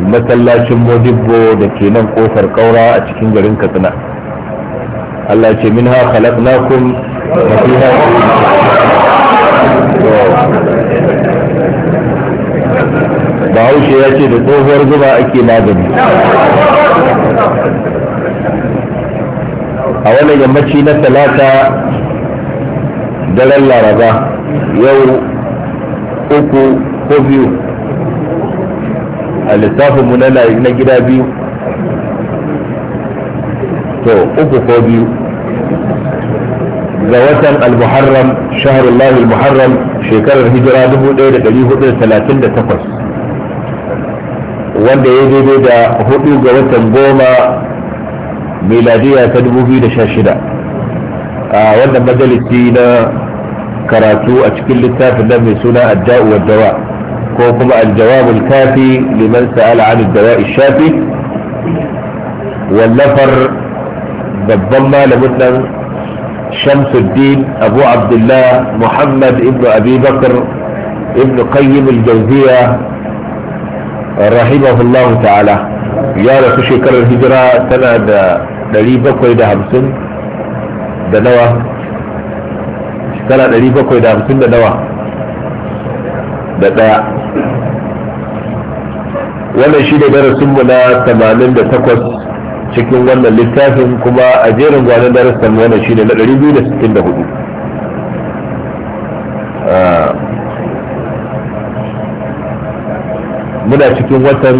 masallacin modibbo da ke nan kofar kaura a cikin garin katsina Allah ce min ha khalaqnakum wa fiha Bahaushe ya ce da tsohuwar zuba ake magani a wannan yammaci na talata daren laraba yau uku ko biyu a lissafinmu na gida biyu to uku ko biyu ga watan al-muharram shaharullahi al-muharram shekarar hijira 1438 wanda ya daidai da hudu ga watan goma miladiya ta 2016 a wannan majalisi na karatu a cikin littafin da mai suna adda'u wa dawa كوكما الجواب الكافي لمن سأل عن الدواء الشافي والنفر بالضمة لمدن شمس الدين أبو عبد الله محمد ابن أبي بكر ابن قيم الجوزية رحمه الله تعالى يا رسول شكر الهجرة سنة دليبك وإذا همسن دنوة سنة دليبك وإذا همسن دنوة wannan shi da mu na 88 cikin wannan littafin kuma a jerin gwanon darasin wannan shi ne na 264 ah. muna cikin watan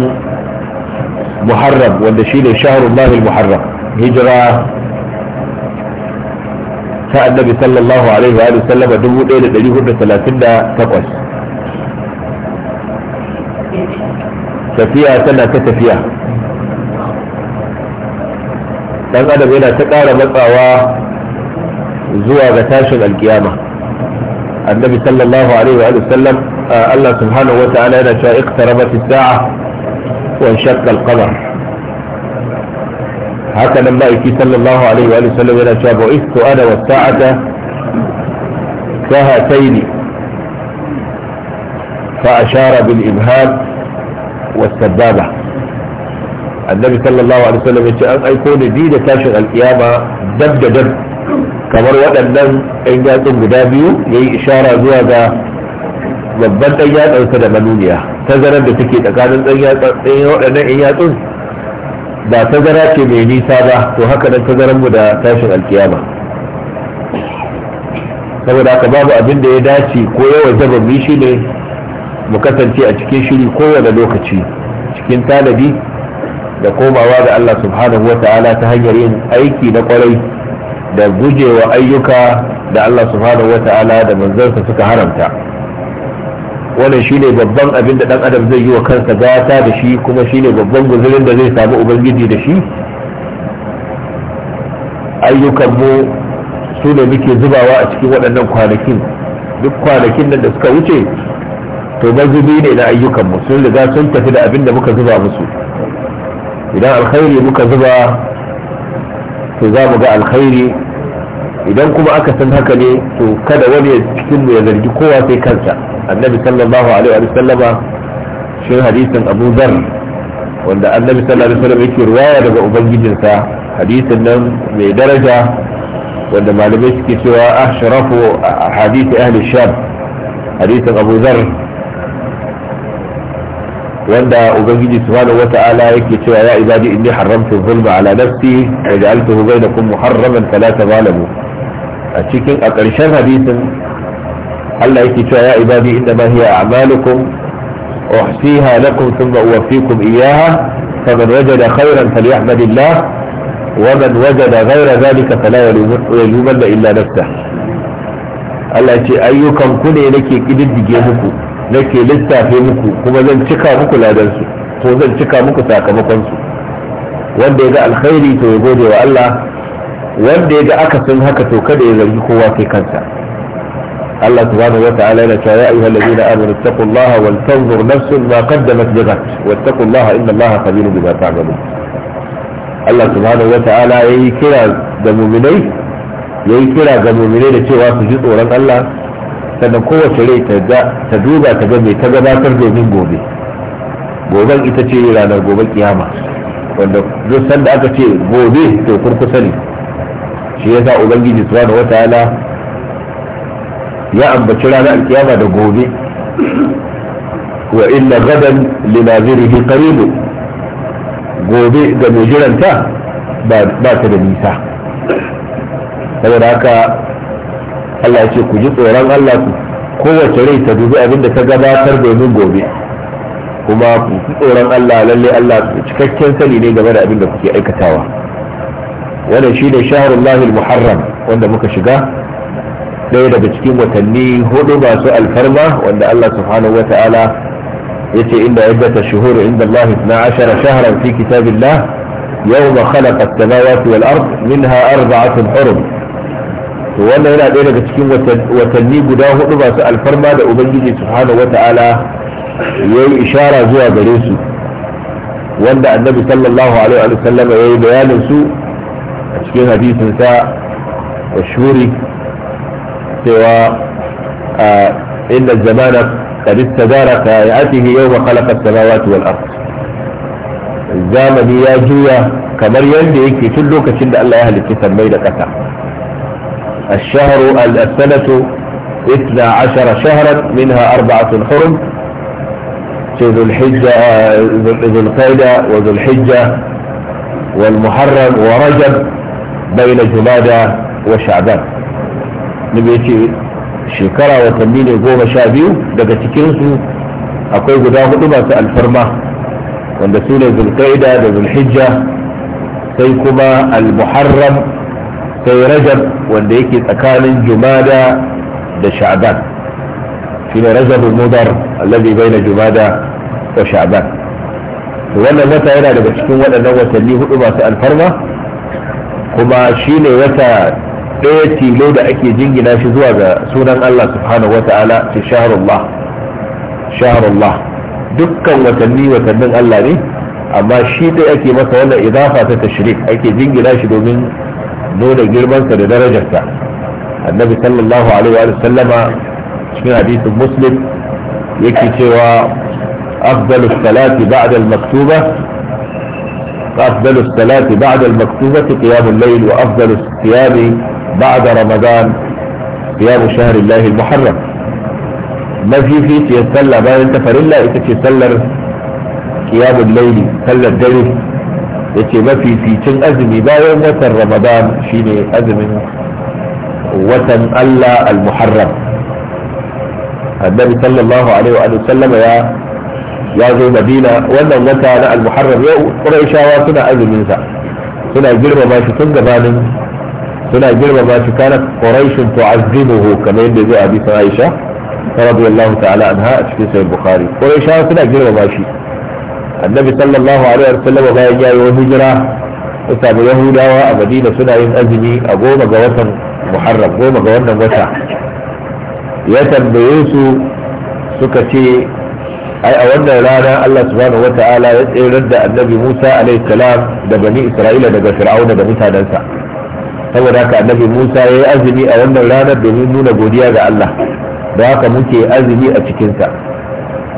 muharram wanda shi ne shaharun mahil muharram hijira ta annabi sallallahu alaihi wa sallama 1438 tafiya tana ta tafiya dan adam yana ta ƙara matsawa zuwa ga tashin alkiyama annabi sallallahu alaihi wa sallam Allah subhanahu wa ta'ala yana cewa iqtarabat as-sa'a wa shakka al-qamar haka nan ma'aiki sallallahu alaihi wa sallam yana cewa bu'istu ana wa sa'ata ka hatayni fa ashara bil ibhad annabi والسبابة النبي صلى الله an aiko ni bi da tashin تاشر القيامة da دب kamar waɗannan ɗan yatsun guda biyu ya yi ishara zuwa ga babban ɗan yatsunsa da manuniya tazarar da take tsakanin waɗannan ɗan yatsun ba tazara ce mai nisa ba to haka nan tazarar da tashin alkiyama saboda haka babu abin da ya dace ko yawan zaba shi ne mu kasance a cikin shiri kowane lokaci cikin talabi da komawa ga Allah subhanahu wa ta'ala ta hanyar yin aiki na kwarai da gujewa ayyuka da Allah subhanahu wa ta'ala da manzansa suka haramta wannan shine babban abin da dan adam zai yi wa kansa gata da shi kuma shine babban guzurin da zai samu ubangiji da shi ayyukan mu su ne muke zubawa a cikin waɗannan kwanakin duk kwanakin nan da suka wuce to mazubi ne na ayyukanmu sun riga sun tafi da abin da muka zuba musu idan alkhairi muka zuba to za mu ga alkhairi idan kuma aka san haka ne to kada wani cikin ya zargi kowa sai kansa annabi sallallahu alaihi wa sallama shi hadisin abu dhar wanda annabi sallallahu alaihi wa sallam yake ruwaya daga ubangijinsa hadisin nan mai daraja wanda malamai suke cewa ashrafu hadisi ahli sham hadisin abu dhar wanda ubangiji subhanahu wata'ala yake cewa ya ibadi inni haramtu zulma ala nafsi wa ja'altuhu bainakum muharraman fala tazalamu a cikin a ƙarshen hadisin Allah yake cewa ya ibadi inna ma hiya a'malukum uhsiha lakum thumma uwaffikum iyyaha faman wajada khayran falyahmadillah ومن وجد غير ذلك فلا يلومن illa نفسه Allah ce ayyukan ku ne nake kididdige muku nake lissafe muku kuma zan cika muku ladansu ko zan cika muku sakamakonsu wanda ya ga alkhairi to ya gode wa Allah wanda ya ga akasin haka to kada ya zargi kowa kai kansa Allah subhanahu wa ta'ala yana cewa ya ayyuhal ladina amanu taqullaha wal tanzur nafsun ma qaddamat lighat wattaqullaha inna Allaha khabirun bima ta'malun Allah subhanahu wa ta'ala yayi kira da mu'minai yayi kira ga mu'minai da cewa su ji tsoron Allah sannan kowace rai ta duba ta ga mai ta gabatar domin gobe goben ita ce ranar gobe kiyama wanda duk sanda aka ce gobe to kurkusa ne shi yasa ubangiji wata ala, ya ambaci ranar kiyama da gobe wa illa gadan linazirihi qaribu gobe ga mai jiranta ba ta da nisa saboda haka Allah ya ce ku ji tsoron Allah ku kowace rai ta dubi abin da ta gabatar domin gobe kuma ku ji tsoron Allah lalle Allah cikakken sani ne game da abin da kuke aikatawa wannan shi ne shahrullahi muharram wanda muka shiga ɗaya daga cikin watanni hudu masu alfarma wanda Allah subhanahu wa ta'ala ya ce inda iddata shuhuru inda Allah 12 shahran fi kitabillah yawma khalaqa samawati wal ard minha arba'atun hurum to wannan yana ɗaya daga cikin watanni guda hudu masu alfarma da ubangiji subhanahu wata'ala ya yi ishara zuwa gare su wanda annabi sallallahu alaihi wa sallam ya yi bayanin su a cikin hadisin sa shuri cewa inda zamana قد استدار كهيئته يوم خلق السماوات والأرض zamani ya juya kamar yadda yake tun lokacin da Allah ya halitta sammai da ƙasa الشهر السنة اثنى عشر شهرا منها اربعة حرم في ذو الحجة ذو القيدة وذو الحجة والمحرم ورجب بين جمادة وشعبان نبيتي شكرا وتميني قوم شابيو دقا تكينسو اقول قدام قدما سألفرما وندسوني ذو القيدة ذو الحجة سيكما المحرم akwai rajab wanda yake tsakanin jumada da sha'ban shi ne rajabul mudar allazi baina jumada wa sha'ban to wannan wata yana daga cikin waɗannan watanni hudu masu alfarma kuma shi ne wata ɗaya tilo da ake jingina shi zuwa ga sunan Allah subhanahu wa ta'ala ce shaharullah shaharullah dukkan watanni watannin Allah ne amma shi ɗaya ake masa wannan idafa ta tashrik ake jingina shi domin nuna girmansa da darajarsa annabi sallallahu alaihi wa sallama cikin hadisin muslim yake cewa afdalu salati ba'da al-maktuba afdalu salati ba'da al-maktubati qiyam al-layl wa afdalu siyami ba'da ramadan qiyam shahr Allah al-muharram mafi fi sallah bayan tafarilla ita ce sallar qiyam al-layl sallar dare yace mafificin azumi bayan watan ramadan shine azumin watan Allah al-muharram annabi sallallahu alaihi wa sallam ya ya zo madina wannan wata na al-muharram yau quraishawa suna azumin sa suna girmama shi tun gabanin suna girmama shi kana quraishun tu'azzimuhu kamar yadda zai abi aisha radiyallahu ta'ala anha a cikin sahih bukhari quraishawa suna girmama shi annabi sallallahu alaihi wasallam bayan ya yi hijira ya samu yahudawa a madina suna yin azumi a goma ga watan muharram goma ga wannan wata ya tambaye su suka ce ai a wannan rana Allah subhanahu wata'ala ya tsirar da annabi Musa alaihi salam da bani Isra'ila daga Fir'auna da mutanensa saboda haka annabi Musa ya yi azumi a wannan ranar domin nuna godiya ga Allah da haka muke azumi a cikinsa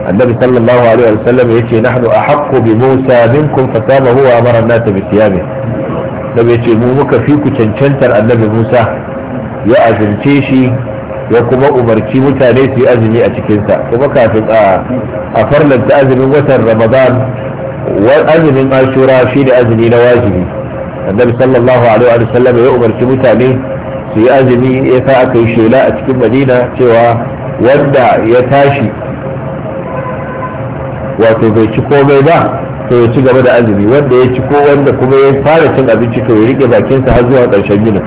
annabi sallallahu alaihi wasallam yace nahnu ahaqqu bi Musa minkum fataba huwa amara an-nas bi siyami nabi yace mu muka fi ku cancantar annabi Musa ya azince shi ya kuma umarci mutane su yi azumi a cikinsa kuma kafin a farlanta azumin watan ramadan azumin ashura shi da azumi na wajibi annabi sallallahu alaihi wa sallam ya umarci mutane su yi azumi ya aka yi shela a cikin madina cewa wanda ya tashi wato bai ci komai ba to ya ci gaba da azumi wanda ya ci ko wanda kuma ya fara cin abinci to ya rike bakinsa har zuwa ƙarshen yinin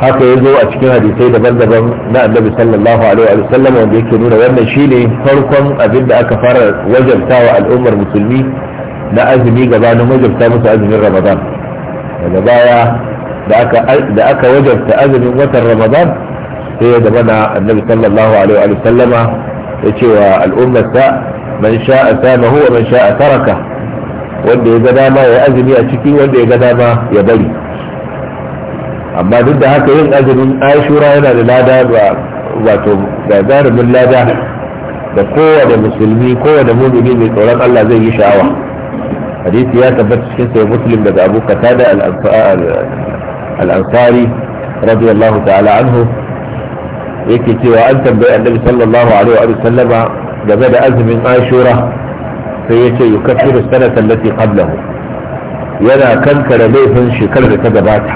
haka ya zo a cikin hadisai daban-daban na annabi sallallahu alaihi wa sallam wanda yake nuna wannan shine farkon abin da aka fara wajabtawa al'ummar musulmi na azumi gabanin wajabta musu azumin ramadan daga baya da aka wajabta azumin watan ramadan sai ya zama na annabi sallallahu alaihi wa sallama ya ce wa al'ummarsa man sha'a samahu wa man a taraka wanda ya ga dama ya azumi a ciki wanda ya ga dama ya bari amma duk da haka yin azumin ashura yana da lada ba wato ga zarumin lada da kowane musulmi kowane mumini mai tsoron Allah zai yi sha'awa hadisi ya tabbata cikin sai muslim daga abu da al-ansari radiyallahu ta'ala anhu yake cewa an tambayi annabi sallallahu alaihi wa sallama game da azumin ashura sai yace yukaffiru sanata allati qablahu yana kankare laifin shekarar da ta gabata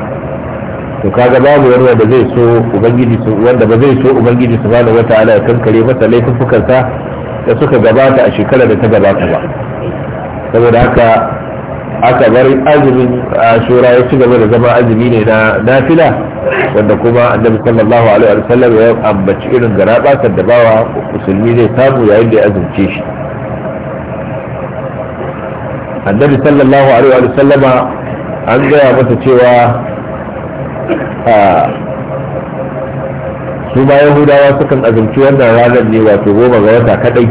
to kaga babu wani wanda zai so ubangiji su wanda ba zai so ubangiji subhanahu wataala ya kankare masa laifukan sa da suka gabata a shekarar da ta gabata ba saboda haka aka bar azumin ashura ya ci gaba da zama azumi ne na nafila wanda kuma annabi sallallahu alaihi wasallam ya ambaci irin garabatar da bawa musulmi zai samu yayin da ya azumce shi annabi sallallahu alaihi sallama an gaya masa cewa su ma yahudawa sukan azumci wannan ranar ne wato goma ga wata kadai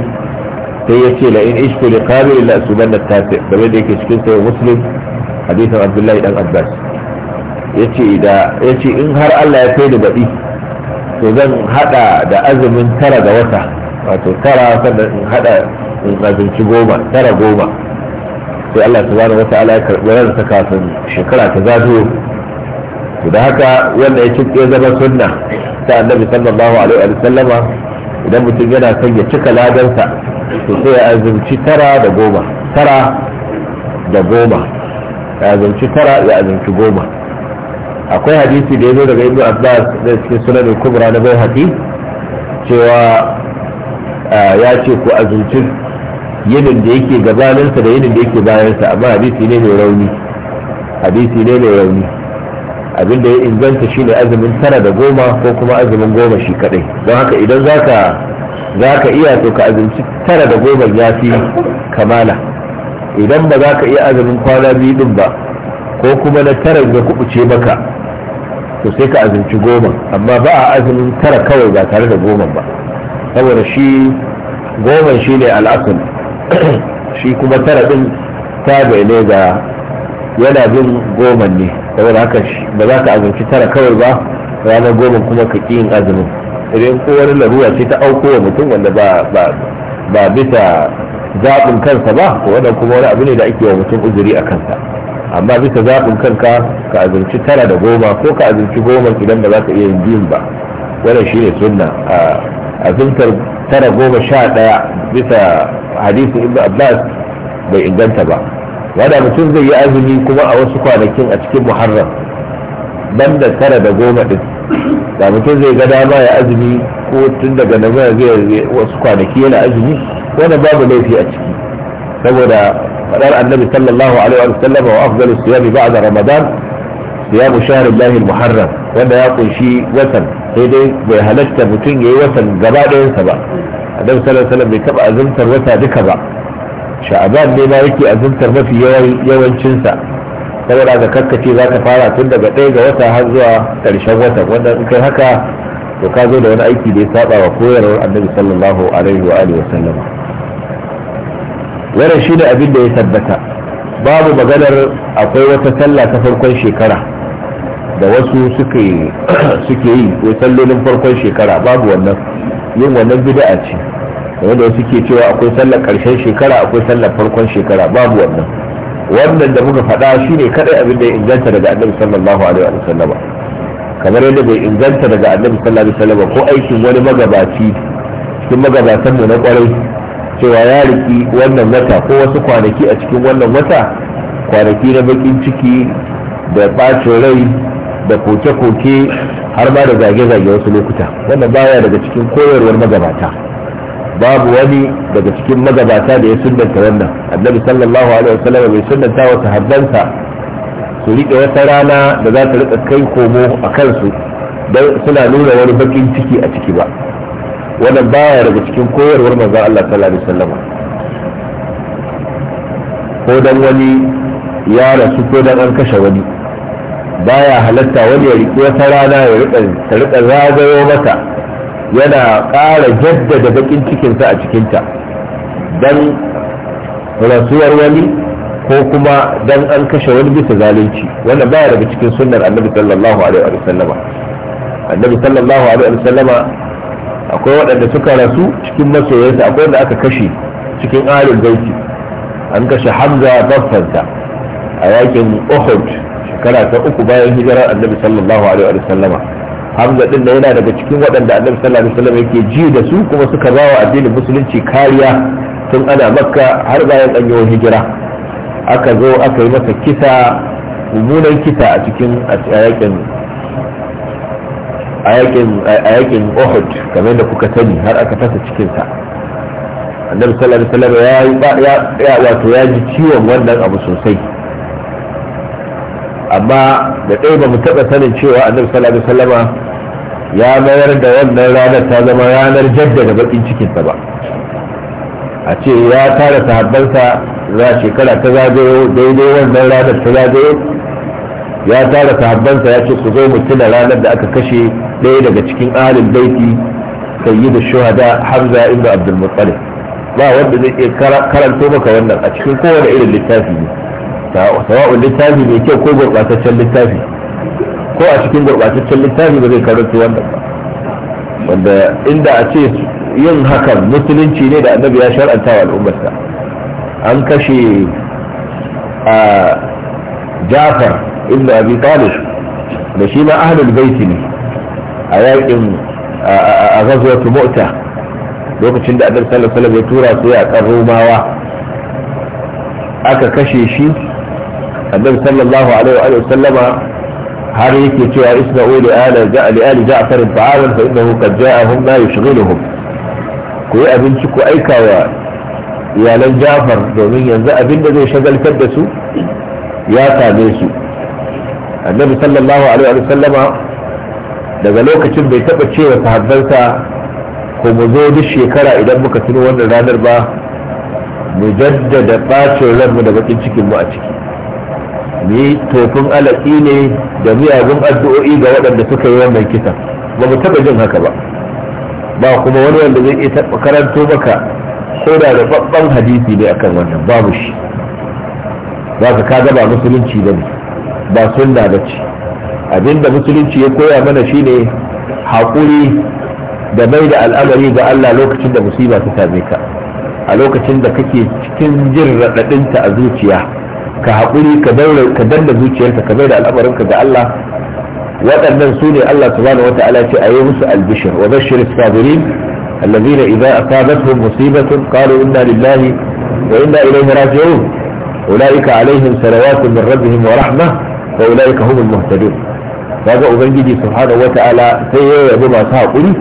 sai yace la in ishku li qabil la subanna tafi kamar da yake cikin sai muslim hadisin abdullahi dan abbas yace da yace in har Allah ya kai da badi to zan hada da azumin tara ga wata wato tara sannan in hada in azumci goma tara goma sai Allah subhanahu wata'ala ya karɓi ransa kafin shekara ta zagayo to da haka wanda ya zama sunna ta annabi sallallahu alaihi wa sallama idan mutum yana son ya cika ladarsa, to sai ya azumci tara da goma tara da goma ya azumci tara ya azumci goma akwai hadisi da ya zo daga ibnu abbas da cikin sunan kubra na bai cewa ya ce ku azumci yinin da yake gabaninsa da yinin da yake bayansa amma hadisi ne mai rauni hadisi ne mai rauni abin da ya inganta shine azumin tara da goma ko kuma azumin goma shi kadai don haka idan zaka zaka iya to ka azumci tara da goma ya fi kamala idan ba za ka iya azumin kwana biyu din ba ko kuma na tara ya kubuce maka to sai ka azumci goma amma ba a azumin tara kawai ba tare da goma ba saboda shi goma shine al'akun shi kuma tara din ta ne ga yana bin goma ne saboda haka ba za ka azumci tara kawai ba ranar goma kuma ka ƙi yin azumin idan ko wani larura ce ta auko wa mutum wanda ba bisa zaɓin kansa ba ko wannan kuma wani abu ne da ake wa mutum uzuri a kansa amma bisa zaɓin kanka ka azumci tara da goma ko ka azumci goma idan ba za ka iya yin biyun ba wannan shi ne sunna azumtar tara goma sha ɗaya bisa hadisin ibnu abbas bai inganta ba wanda mutum zai yi azumi kuma a wasu kwanakin a cikin muharram nan da tara da goma ɗin da mutum zai ga dama ya azumi ko tun daga nan zai wasu kwanaki yana azumi wanda babu laifi a ciki saboda fadar annabi sallallahu alaihi wa sallam wa afdalu siyami ba'da ramadan siyamu shahrul muharram wanda ya kunshi watan sai dai bai halatta mutum yayi watan gaba ɗayansa ba annabi sallallahu alaihi wa sallam bai taɓa azumtar wata duka ba sha'aban ne ma yake azumtar mafi yawancinsa saboda ga kakkace za ka fara tun daga ɗaya ga wata har zuwa ƙarshen wata wanda in kai haka to ka zo da wani aiki da ya saba wa koyarwar annabi sallallahu alaihi wa alihi wasallam wannan shine abin da ya tabbata babu maganar akwai wata sallah ta farkon shekara da wasu suke suke yi ko sallolin farkon shekara babu wannan yin wannan bid'a ce wanda suke cewa akwai sallar karshen shekara akwai sallar farkon shekara babu wannan wannan da muka faɗa shine kaɗai abin da ya inganta daga annabi sallallahu alaihi wa sallama kamar yadda bai inganta daga annabi sallallahu alaihi wa sallama ko aikin wani magabaci cikin magabatan mu na kwarai cewa ya riki wannan wata ko wasu kwanaki a cikin wannan wata kwanaki na bakin ciki da bacin rai da koke-koke har ma da zage-zage wasu lokuta wannan baya daga cikin koyarwar magabata babu wani daga cikin magabata da ya sunanta wannan annabi sallallahu alaihi wasallam bai sunnanta wa sahabbansa su rike wata rana da za ta rika kai komo a kansu don suna nuna wani bakin ciki a ciki ba wannan baya daga cikin koyarwar manzon Allah sallallahu alaihi wasallam ko dan wani ya rasu ko dan an kashe wani baya halatta wani ya rike wata rana ya rika zagayo mata yana ƙara jaddada baƙin cikinsa a cikinta don rasuwar wani ko kuma don an kashe wani bisa zalunci wanda baya daga cikin sunnar annabi sallallahu alaihi wa sallama annabi sallallahu alaihi wa sallama akwai waɗanda suka rasu cikin masoyansa akwai wanda aka kashe cikin arin baiti an kashe hamza baffansa a yakin uhud shekara ta uku bayan hijirar annabi sallallahu alaihi wa sallama hamza din da yana daga cikin waɗanda annabi sallallahu alaihi wasallam yake ji da su kuma suka bawa addinin musulunci kariya tun ana makka har bayan an yi hijira aka zo aka yi masa kisa mummunan kisa a cikin yakin a yakin Uhud kamar da kuka sani har aka fasa cikinsa annabi sallallahu alaihi wasallam ya wato ya ji ciwon wannan abu sosai amma da ɗaya ba mu taɓa sanin cewa annabi sallallahu alaihi ya mayar da wannan ranar ta zama ranar jaddada bakin cikinsa ba a ce ya tara sahabbansa za shekara ta zagayo daidai wannan ranar ta zagayo ya tara sahabbansa ya ce ku zo mu ranar da aka kashe ɗaya daga cikin kan baiti da shuhada hamza inda abdul ba wanda zai iya karanto maka wannan a cikin kowane irin littafi ne sawa'un littafi mai kyau ko gurɓataccen littafi ko a cikin gurɓataccen littafi ba zai karanto wannan ba wanda inda a ce yin hakan musulunci ne da annabi ya shar'anta wa al'ummarsa an kashe a jafar ibn abi talib da shi ma ahlul baiti ne a yakin a ghazwatu mu'ta lokacin da annabi sallallahu alaihi wasallam ya tura su ya kan romawa aka kashe shi annabi sallallahu alaihi wa sallama har yake cewa isma'u li ala ja'ali ali ja'far ta'awan fa innahu qad ja'ahum ma yushghiluhum ku yi abinci ku aika wa iyalan ja'far domin yanzu abin da zai shagaltar da su ya same su annabi sallallahu alaihi wa sallama daga lokacin bai taba cewa sahabbansa ko mu zo duk shekara idan muka tuno wannan ranar ba mu jaddada bacin ranmu da bakin cikin mu a ciki mu yi tofin alaƙi ne da miyagun addu'o'i ga waɗanda suka yi wannan kisan ba mu taɓa jin haka ba ba kuma wani wanda zai iya karanto maka ko da da babban hadisi ne akan wannan babu shi Ba ka kaga ba musulunci ba ne ba sunna ba ce abinda musulunci ya koya mana shine haƙuri da mai da al'amari ga Allah lokacin da musiba ta same ka a lokacin da kake cikin jin raɗaɗinta a zuciya ka haƙuri ka ka danda zuciyarka ka da al'amarinka ga Allah waɗannan su ne Allah subhanahu wata'ala ce a yi musu albishir wa bashir sabirin allazina idza asabatuhum musibatun qalu inna lillahi wa inna ilayhi raji'un ulaika alaihim salawatu min rabbihim wa rahma wa ulaika humul muhtadun kaga ubangiji subhanahu wata'ala sai ya yabi masu haƙuri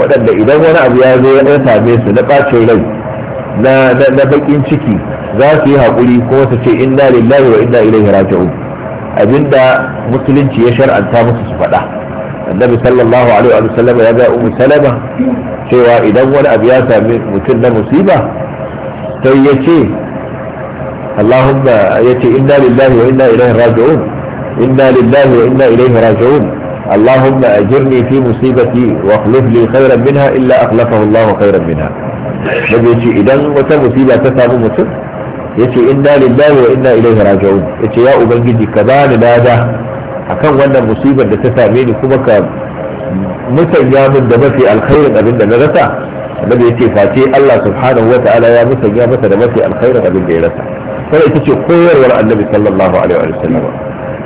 waɗanda idan wani abu ya zo ya same su na ɓacin rai na bakin ciki za su yi haƙuri kuma su ce inna lillahi wa inna ilaihi raji'un abinda musulunci ya shar'anta musu su faɗa annabi sallallahu alaihi wa sallam ya ga ummu salama cewa idan wani abu ya sami mutum na musiba sai ya ce allahumma ya ce inna lillahi wa inna ilaihi raji'un inna lillahi wa inna ilaihi raji'un اللهم أجرني في مصيبتي واخلف لي خيرا منها إلا أخلفه الله خيرا منها daga ce idan wata musiba ta samu mutum ya yace inna lillahi wa inna ilaihi raji'un yace ya ubangiji ka bani dada akan wannan musibar da ta same ni kuma ka musanya min da mafi alkhairin abin da na rasa annabi ce face Allah subhanahu wa ta'ala ya musanya masa da mafi alkhairin abin da ya rasa sai ita ce koyarwar annabi sallallahu alaihi wa sallam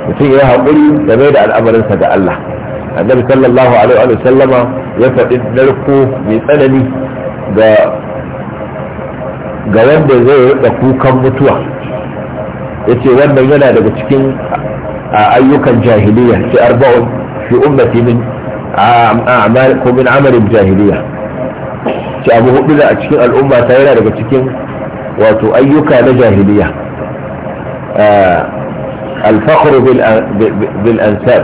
mutum ya haƙuri game da al'amarinsa ga Allah annabi sallallahu alaihi wa sallama ya faɗi narko mai tsanani ga ga wanda zai rika kukan mutuwa yace wannan yana daga cikin ayyukan jahiliya ce arba'un fi ummati min a'mal ko min amalin jahiliya ce abu hudu da a cikin al'umma ta yana daga cikin wato ayyuka na jahiliya bil ansab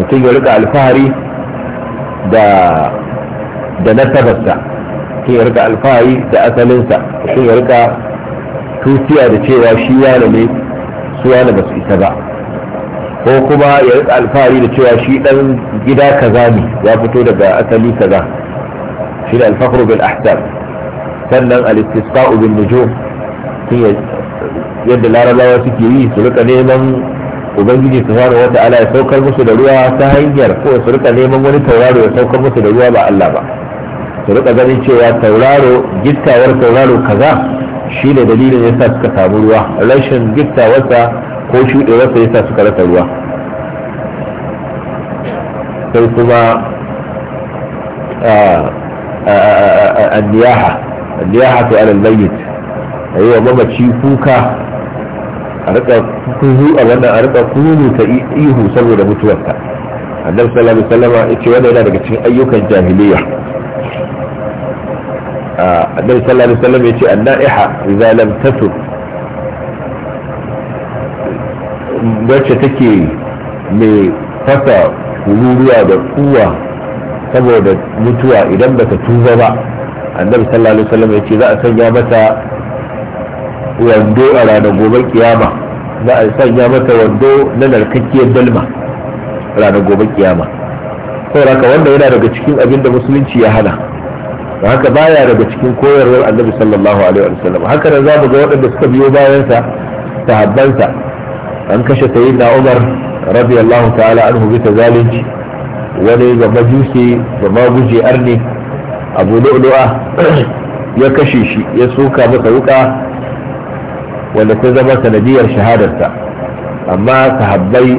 mutum ya rika alfahari da nasabarsa mutum ya rika alfahari da asalinsa mutum ya rika tusiya da cewa shi yana ne su yana ba su isa ba ko kuma ya rika alfahari da cewa shi dan gida kaza ne ya fito daga asali kaza shi da alfahru bil ahsab sannan al-istisqa'u bin nujum yadda larabawa suke yi su rika neman ubangiji wata ala ya saukar musu da ruwa ta hanyar ko su rika neman wani tauraro ya saukar musu da ruwa ba Allah ba ta rika ganin cewa tauraro gittawar tauraro kaza shi ne dalilin ya sa suka samu ruwa rashin gittawarsa ko shuɗewarsa ya sa suka rasa ruwa sai kuma anniyaha anniyaha ta alal mayyit a yi wa mamaci kuka a rika kuzu a wannan a rika kunu ta ihu saboda mutuwarta annabi sallallahu alaihi wasallam ya ce wannan yana daga cikin ayyukan jahiliya annabi sallallahu alaihi wasallam yace annaiha idza lam tasud wacce take mai fasa hururuwa da kuwa saboda mutuwa idan ta tuba ba annabi sallallahu alaihi wasallam yace za a sanya mata wando a ranar gobe kiyama za a sanya mata wando na narkakkiyar dalma ranar gobe kiyama saboda wanda yana daga cikin abin da musulunci ya hana haka baya daga cikin koyarwar annabi sallallahu alaihi wasallam haka da za mu ga waɗanda suka biyo bayan sa sahabbansa an kashe sayyidina Umar radiyallahu ta'ala anhu bisa zalunci wani ga majusi ga maguje arne abu lu'lu'a ya kashe shi ya soka masa wuka wanda ta zama sanadiyar shahadarsa amma sahabbai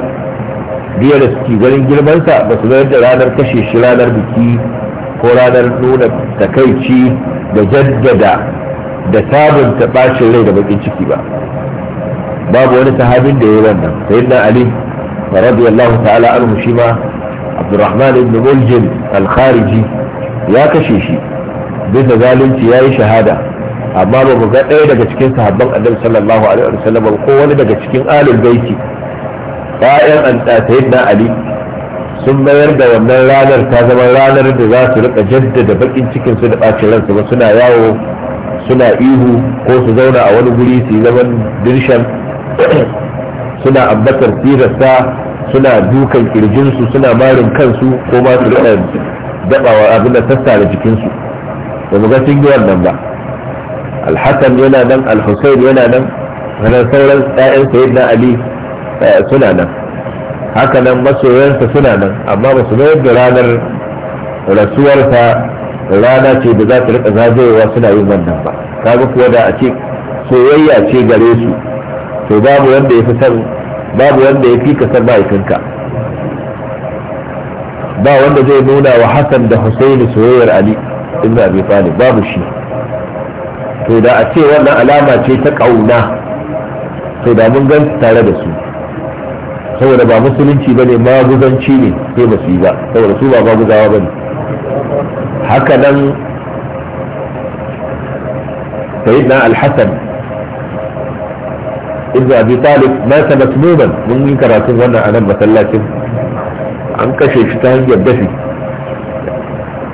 biyar da suke ganin girmansa ba su da ranar kashe shi ranar biki ko ranar nuna takaici da jaddada da sabunta bacin rai da bakin ciki ba babu wani sahabin da ya wannan sai na ali radiyallahu ta'ala anhu ma abdurrahman ibn muljim al-khariji ya kashe shi bisa zalunci ya yi shahada amma ba ga ɗaya daga cikin sahabban annabi sallallahu alaihi sallam ko wani daga cikin alul baiti ƴaƴan an sayyidina ali sun mayar da wannan ranar ta zama ranar da za su rika jaddada bakin cikin su da bacin ransu ba suna yawo suna ihu ko su zauna a wani guri su yi zaman dirshan suna ambatar sirarsa suna dukan kirjinsu suna marin kansu ko ma su rika dabawa abin da tattara jikinsu ba mu ga sun yi wannan ba alhassan yana nan alhussein yana nan ranar sauran 'ya'yan na ali eh, suna nan haka nan masoyansa suna nan amma ba su mayar yadda ranar rasuwarsa rana ce da za ta rika zagayewa suna yin wannan ba kaga kuwa da a ce soyayya ce gare su to babu wanda ya fi san babu wanda ya fi ka san mahaifinka ba wanda zai nuna wa hasan da husaini soyayyar ali ibn abi talib babu shi to da a ce wannan alama ce ta kauna to da mun gan tare da su saboda ba musulunci bane maguzanci ne sai ba su yi ba saboda su ba maguzawa bane haka nan sayyidina al-hasan ibn abi talib mata matmuman mun yi karatun wannan a nan masallacin an kashe shi ta hanyar dafi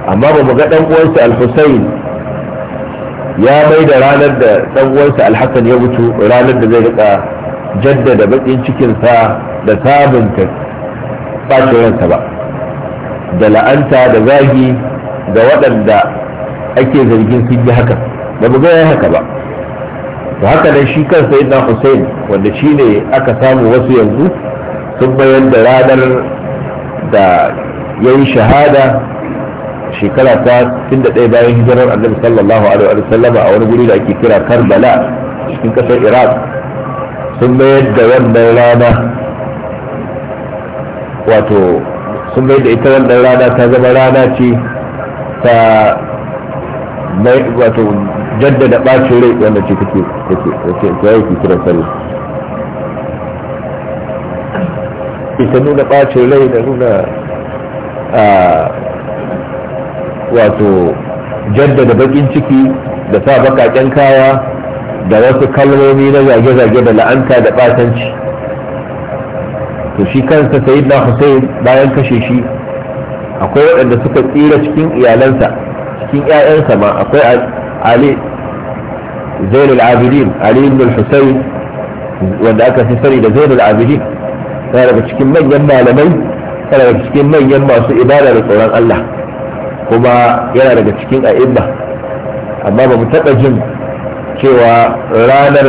amma ba mu ga dan uwansa al-husayn ya mai da ranar da dan uwansa al-hasan ya mutu ranar da zai rika jaddada bakin cikinsa da sabunta ɓacewarsa ba da la'anta da zagi ga waɗanda ake zargin sun yi haka ba ba ya haka ba to haka nan shi kansa yadda hussein wanda shi ne aka samu wasu yanzu sun bayar da ranar da ya yi shahada shekara ta 61 bayan hijirar annabi sallallahu alaihi wa a wani guri da ake kira karbala cikin ƙasar iraq sun mayar da wannan rana wato sun mayar da ita wannan rana ta zama rana ce ta wato jaddada ɓacin rai wanda ce yi yake kira sallah ita nuna ɓacin rai da nuna wato jaddada bakin ciki da sa bakaken kaya da wasu kalmomi na zage-zage da la'anta da batanci to shi kansa sayid na hussein bayan kashe shi akwai waɗanda suka tsira cikin iyalansa cikin 'ya'yansa ma akwai ali zainul abidin ali ibn hussein wanda aka fi sani da zainul abidin yana daga cikin manyan malamai yana daga cikin manyan masu ibada da tsoron allah kuma yana daga cikin a'imma amma ba mu taɓa jin cewa ranar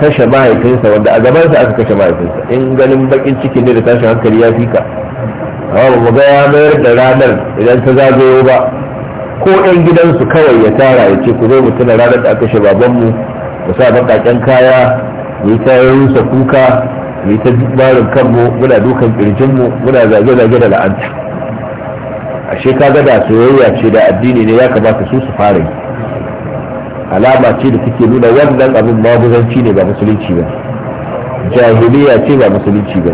kashe mahaifinsa wanda a gabansa aka kashe mahaifinsa in ganin bakin ciki ne da tashin hankali ya fika amma ba ga ya mayar da ranar idan ta zagayo ba ko ɗan gidansu kawai ya tara ya ce ku zo mutum ranar da aka kashe babanmu mu sa baƙaƙen kaya mu yi ta rusa kuka mu yi ta barin kanmu muna dukan ƙirjinmu muna zage-zage da la'anta ashe ka da soyayya ce da addini ne ya kamata su su fara yi alama ce da take nuna wannan abin maguzanci ne ba musulunci ba jahiliya ce ba musulunci ba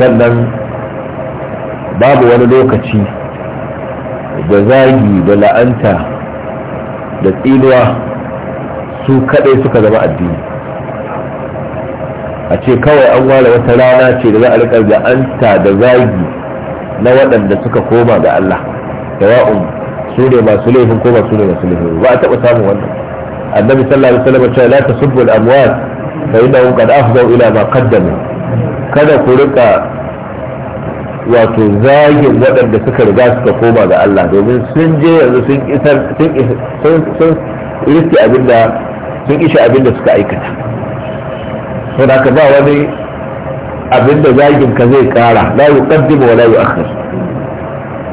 sannan babu wani lokaci da zagi da la'anta da tsinuwa su kaɗai suka zama addini a ce kawai an ware wata rana ce da za a riƙar da anta da zagi na waɗanda suka koma ga Allah sawa'un su ne masu laifin ko ba su ne masu laifin ba a taɓa samun wannan annabi sallallahu alaihi wasallam cewa la tasubbu al-amwat fa innahum qad afdaw ila ma qaddamu kada ku rika wato zagin waɗanda suka riga suka koma ga Allah domin sun je yanzu sun isar sun sun riski abinda sun isha abinda suka aikata da ka ba wani abinda zagin ka zai kara la yuqaddimu wa la yu'akhir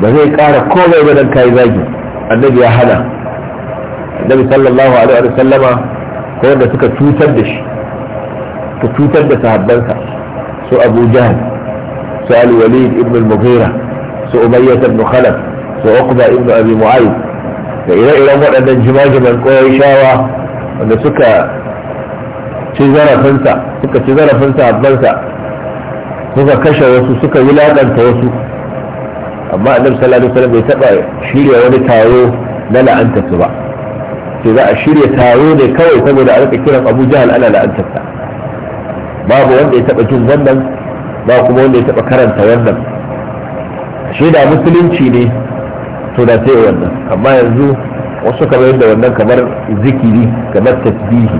ba zai ƙara komai ba dan kai zagi annabi ya hana annabi sallallahu alaihi wa sallama ko wanda suka cutar da shi ka cutar da sahabbansa su Abu Jahl su Al-Walid ibn al-Mughira su Umayyah ibn Khalaf su Uqba ibn Abi Mu'ayyid da ire-iren waɗannan jimajiman shawa wanda suka ci zarafinsa suka ci zarafin sahabbansa suka kashe wasu suka wulaƙanta wasu amma annabi sallallahu alaihi bai taba shirya wani taro na la'anta su ba sai za a shirya taro ne kawai saboda a rika kiran Abu Jahal ana la'antarsa babu wanda ya taba jin wannan ba kuma wanda ya taba karanta wannan shi da musulunci ne to da sai wannan amma yanzu wasu kamar yadda wannan kamar zikiri kamar tasbihi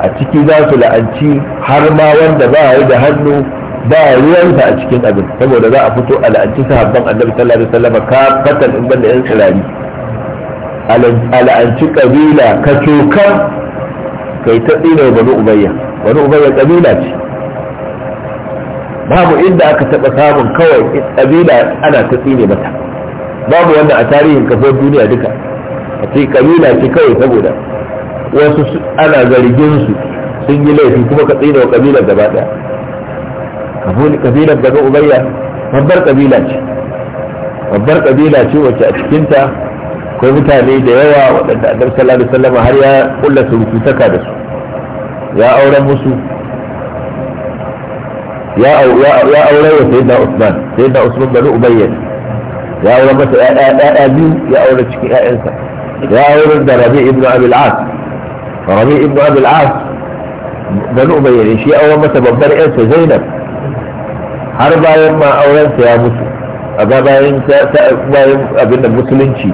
a ciki za su la'anci har ma wanda ba ya da hannu ba ruwansa a cikin abin saboda za a fito a al'anci sahabban annabi sallallahu alaihi wasallam fatan in banda yan tsirari al'anci kabila ka cokan kai ta tsina banu ubayya banu ubayya kabila ce babu inda aka taba samun kawai kabila ana ta tsine mata babu wannan a tarihin kafin duniya duka a ce kabila ce kawai saboda wasu ana zargin su sun yi laifi kuma ka tsina wa kabilar gaba daya kabilar banu umayya babbar kabila ce babbar kabila ce wacce a cikinta akwai mutane da yawa waɗanda annabi sallallahu alaihi wasallam har ya kulla surututaka da su ya auren musu ya aure wa sayyidina Usman sayyidina Usman banu umayya ya aure masa ƴaƴa biyu ya aure cikin ƴaƴansa ya aure da Rabi ibn Abi al-As Rabi ibn Abi al-As banu umayya shi aure masa babbar ƴarsa Zainab har bayan ma aurensa ya mutu a ga bayan abin da musulunci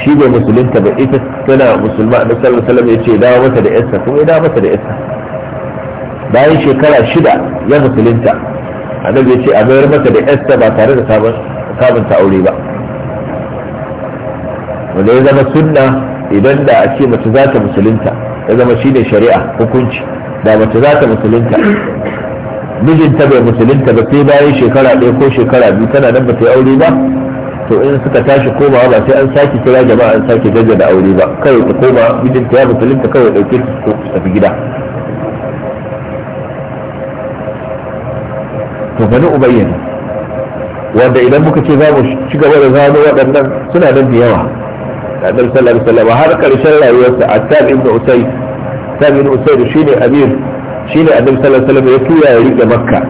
shi bai musulunta ba ita tana musulma da sallallahu alaihi wasallam ya ce dawo mata da yarsa kuma ya dawo mata da yarsa bayan shekara shida ya musulunta annabi ya ce a mayar mata da yarsa ba tare da sabon ta aure ba wanda ya zama sunna idan da a ce mace za ta musulunta ya zama shine shari'a hukunci da mace za ta musulunta mijinta bai musulunta ba sai bayan shekara ɗaya ko shekara biyu tana nan ba ta aure ba to in suka tashi komawa ba sai an sake kira jama'a an sake da aure ba kawai ta koma mijinta ya musulunta kawai ɗauke ta ko tafi gida to bani ubayyana wanda idan muka ce za mu ci gaba da zama waɗannan suna nan da yawa annabi sallallahu alaihi wasallam har karshen rayuwarsa a attab ibn usayd tabi ibn shi ne amir shi ne annabi sallallahu alaihi wasallam ya tura ya rike makka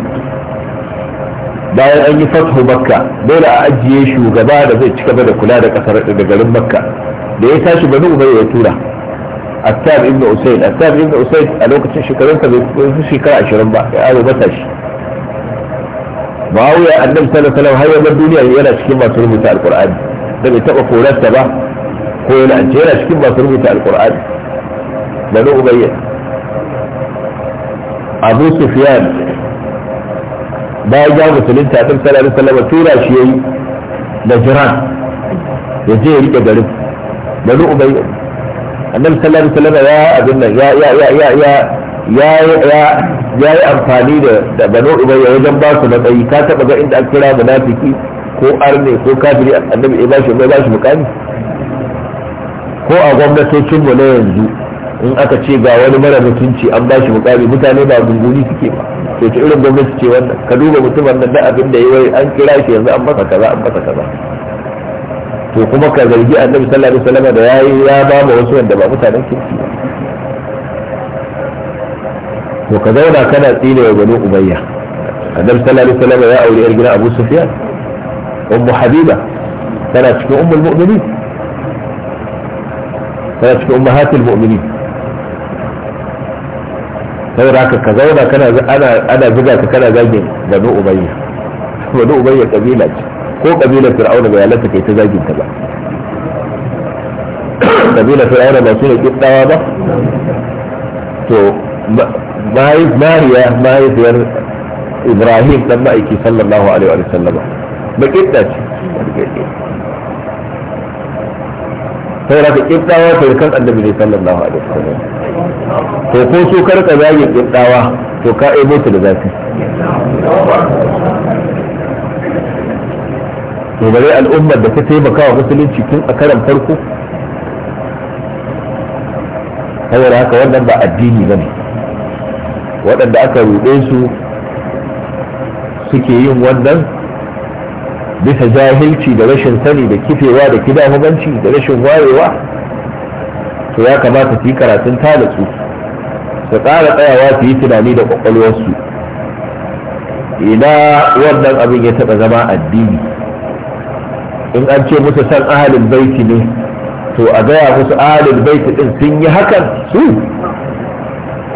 bayan an yi fathu makka dole a ajiye shugaba da zai ci gaba da kula da kasar da garin makka da ya tashi bani umayya ya tura attab ibn usayd attab ibn usayd a lokacin shekarunsa bai fi shekara ashirin ba ya aro matashi ma'auya annabi sallallahu alaihi wasallam har yanzu duniya yana cikin masu rubuta alqur'ani da bai taba korarsa ba ko yana cikin masu rubuta alqur'ani bani umayya abu sufyan bayan ya musulun a sallallahu alaihi wasallam tura shi yayi da jiran ya je ya rike garin bani ubayya annabi sallallahu alaihi wasallam ya abin nan ya ya ya ya ya ya yi amfani da da bani ubayya wajen ba su matsayi ka taba ga inda an kira munafiki ko arne ko kafiri annabi ya shi mai bashi mukami ko a gwamnatocin mu na yanzu in aka ce ga wani mara mutunci an ba shi mukami mutane ba gunguni suke ba to ta irin gwamnati ce wannan ka duba mutumin nan da abin da ya yi an kira shi yanzu an masa kaza an masa kaza to kuma ka zargi annabi sallallahu alaihi wasallam da yayi ya ba ma wasu wanda ba mutanen kirki ba to ka zauna kana tsine wa bani umayya annabi sallallahu alaihi wasallam ya aure yar gida abu sufyan ummu habiba tana cikin ummul mu'minin tana cikin ummahatul mu'minin saboda ka zauna kana ana ana zuga ka kana zage banu ubayya banu ubayya kabila ce ko kabilar fir'auna bai halatta kai ta zagin ta ba kabilar fir'auna ba su ne kiddawa ba to mai mariya mai biyar ibrahim dan ma'aiki sallallahu alaihi wa sallam ba kidda ce saboda ka kiddawa kan annabi sallallahu alaihi wa sallam to ko su karka zagin kibdawa to ka ebo su da zafi to bare al'ummar da ta taimaka wa musulunci tun a karan farko saboda haka wannan ba addini ba ne waɗanda aka ruɗe su suke yin wannan bisa jahilci da rashin sani da kifewa da kidahumanci da rashin wayewa to ya kamata su yi karatun talatsu su ƙara tsayawa su yi tunani da ƙwaƙwalwarsu ina wannan abin ya taɓa zama addini in an ce musu san ahalin baiti ne to a gaya musu ahalin baiti ɗin sun yi hakan su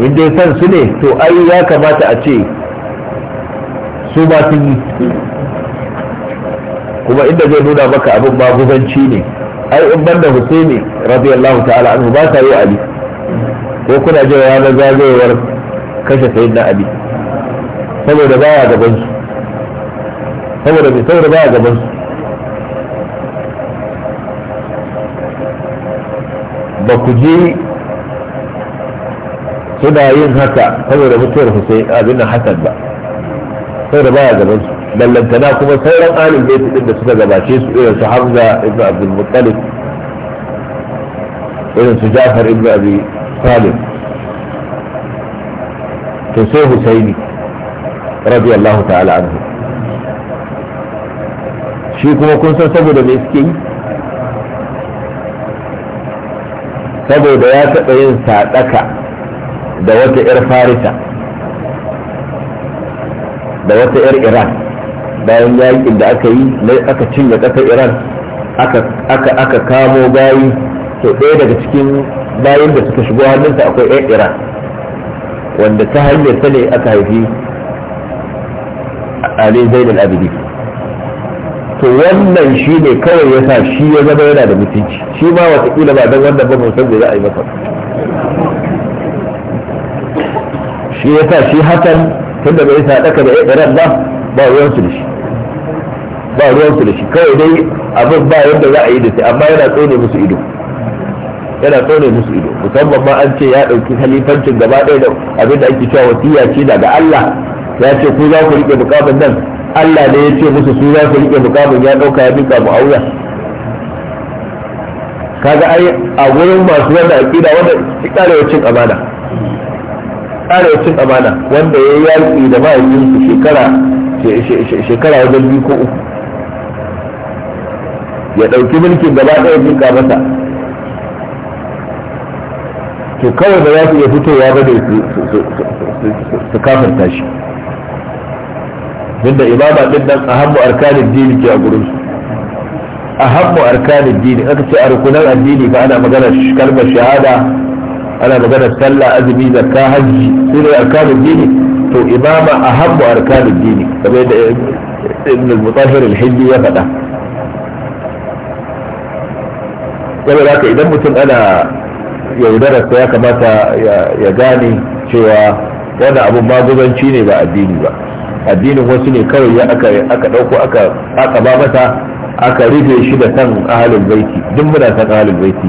in dai san su ne to ai ya kamata a ce su ba sun yi kuma inda zai nuna maka abin ma ne ai in banda husaini radiyallahu ta'ala anhu ba ta yi wa ali ko kuna jin ranar zagayowar kashe sayyidina ali saboda baya gaban su saboda bai saboda baya gaban su ba ku ji suna yin haka saboda mutuwar Hussein abin da Hassan ba saboda baya gaban su ballantana kuma sauran alin baiti din da suka gabace su irin su hamza ibn abdul muttalib irin su jafar ibn abi talib to sai husaini radiyallahu ta'ala anhu shi kuma kun san saboda me suke yi saboda ya taɓa yin sadaka da wata 'yar farisa da wata 'yar iran bayan yakin da aka yi aka cinye ƙasar iran aka kamo bayi to ɗaya daga cikin bayan da suka shigo hannunsa akwai 'yan iran wanda ta hanyar ta ne aka haifi ali zainal abidi to wannan shi ne kawai ya sa shi ya zama yana da mutunci shi ma watakila ba don wannan ba san da za a yi masa shi ya sa shi hakan tunda bai sa daka da 'yan iran ba ba ruwansu da shi ba ruwansu da shi kawai dai abin ba yadda za a yi da shi amma yana tsone musu ido yana tsone musu ido musamman ma an ce ya ɗauki halifancin gaba ɗaya da abin da ake cewa wasiya ce daga Allah ya ce ku za ku riƙe mukamin nan Allah ne ya ce musu su za ku riƙe mukamin ya ɗauka ya miƙa mu auya kaga ai a gurin masu wannan aƙida wanda ki ƙara cin amana ƙara cin amana wanda ya yi yaƙi da mahaifinsu shekara shekara wajen biyu ko uku ya ɗauki mulkin gaba ɗaya jika masa to kawai da za su iya fitowa ba da su kafarta shi tunda imama din nan ahammu arkanin dini ke a gurin su ahammu arkanin dini aka ce a rukunan addini ba ana magana kalmar shahada ana magana sallah azumi zakka hajji su ne arkanin dini to imama ahammu arkanin dini kamar yadda ibn al-mutahhir al-hindi ya faɗa saboda haka idan mutum ana yaudararsa ya kamata ya gane cewa wani abun maguzanci ne ba addini ba addinin wasu ne kawai ya aka dauko aka ba mata aka rufe shi da san ahalin baiti duk muna san ahalin baiti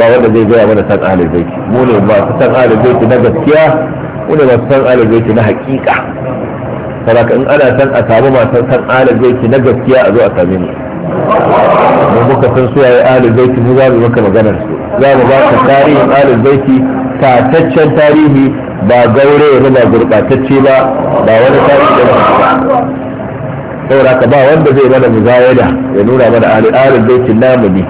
ba wanda zai gaya mana san ahalin baiti mu ne ba su san ahalin baiti na gaskiya mu ne ba su san ahalin baiti na hakika saboda in ana san a samu masu san ahalin baiti na gaskiya a zo a same mu da muka san su yayi ahlul baiti mu za mu maka maganar su za mu ba ka tarihin ahlul baiti tataccen tarihi ba gaure ne ba gurbatacce ba ba wani tarihi da ba saboda ka ba wanda zai mana muzayyada ya nuna mana ahlul baitin namu ne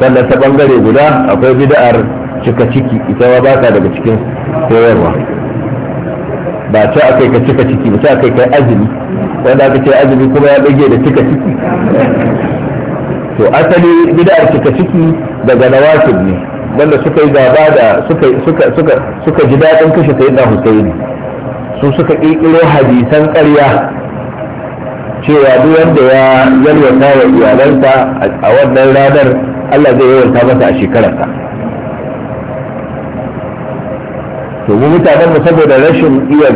sannan ta bangare guda akwai bid'ar cika ciki ita ma ba daga cikin koyarwa ba ce akai ka cika ciki ba ce akai kai azumi wanda aka ce azumi kuma ya dage da cika ciki to asali bid'ar cika ciki daga nawasib ne wanda suka yi gaba da suka suka suka suka ji dadin kashe sayyidina Husaini su suka kirkiro hadisan ƙarya cewa duk wanda ya yalwata wa iyalansa a wannan ranar Allah zai yalwata masa a shekararsa to mu mutanen mu saboda rashin iya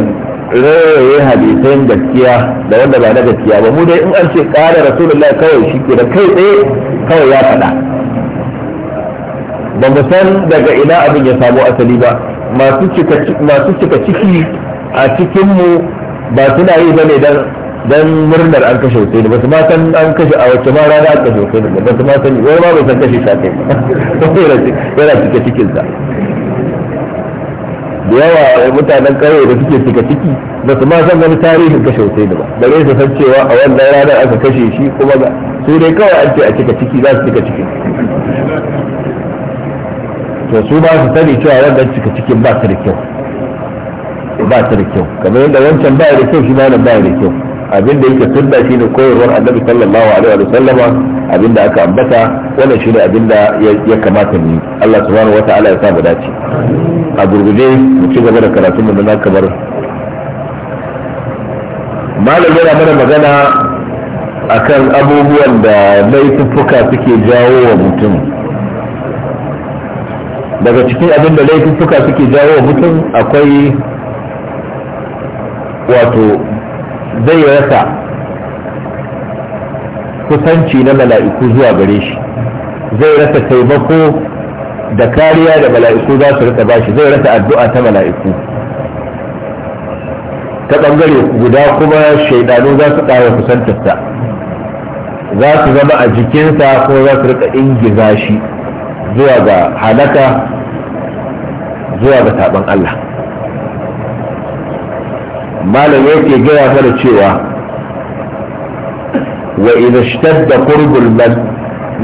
rayaye hadisan gaskiya da wanda ba na gaskiya ba mu dai in an ce kare rasulullah kawai shi ke da kai tsaye kawai ya faɗa ba mu san daga ina abin ya samu asali ba masu cika ciki a cikinmu ba suna yi bane dan dan murnar an kashe Hussein ba su ma san an kashe a wacce ma rana an kashe Hussein ba su ma san wai ma bai san kashe shi kai ba yana cike cikin sa da yawa mutanen ƙauye da suke cika ciki ba su ma san wani tarihin kashe da ba da su san cewa a wannan ranar aka kashe shi kuma ga su dai kawai an ce a cika ciki za su cika ciki to su ba su sani cewa wannan cika cikin ba su da kyau ba su da kyau kamar yadda wancan ba da kyau shi ma nan ba da kyau abin da yake sunna ne koyarwar annabi sallallahu alaihi wa sallama abin da aka ambata wannan shine abin da ya kamata ni Allah subhanahu wataala ya sa mu dace a gurguje mu ci gaba da karatu mu na kamar malam yana mana magana akan abubuwan da laifuffuka suke jawo wa mutum daga cikin abin da laifuffuka suke jawo wa mutum akwai wato zai rasa kusanci na mala'iku zuwa gare shi zai rasa taimako da kariya da mala'iku za su rasa bashi zai rasa addu'a ta mala'iku ta ɓangare guda kuma shaidanu za su ƙara kusantarsa za su zama a jikinsa ko za su rika ingiza zuwa ga halaka zuwa ga saɓon Allah malam yake gaya mana cewa wa idza ishtadda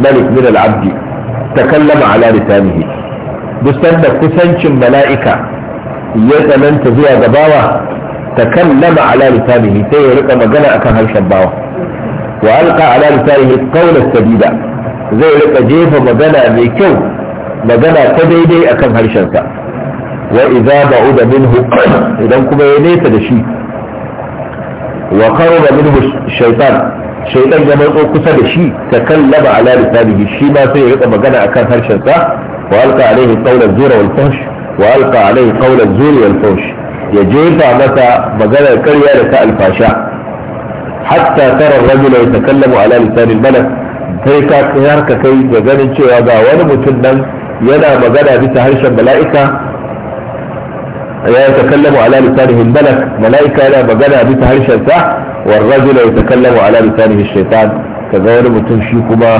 malik min al-abd takallama ala lisanihi duk da kusancin mala'ika ya tsananta zuwa ga bawa takallama ala lisanihi sai ya rika magana akan harshen bawa wa alqa ala lisanihi qawla sadida zai rika jefa magana mai kyau magana ta daidai akan harshensa wa ba'u da minhu idan kuma ya nesa da shi wa qaruba minhu shaytan shaitan ya matso kusa da shi ta kallaba ala lisanihi shi ma sai ya rika magana akan harshen sa wa alqa alaihi qawla zura wal fuhsh wa alqa alaihi qawla zura wal fuhsh ya jefa masa magana karya da ta alfasha hatta tara rajula yatakallamu ala lisanil malak sai ka har ka kai ga ganin cewa ga wani mutum nan yana magana bisa harshen mala'ika ya yi takallamu ala lisanihin balak mala'ika yana magana bisa harshensa والرجل يتكلم على لسانه الشيطان كذلك mutum shi kuma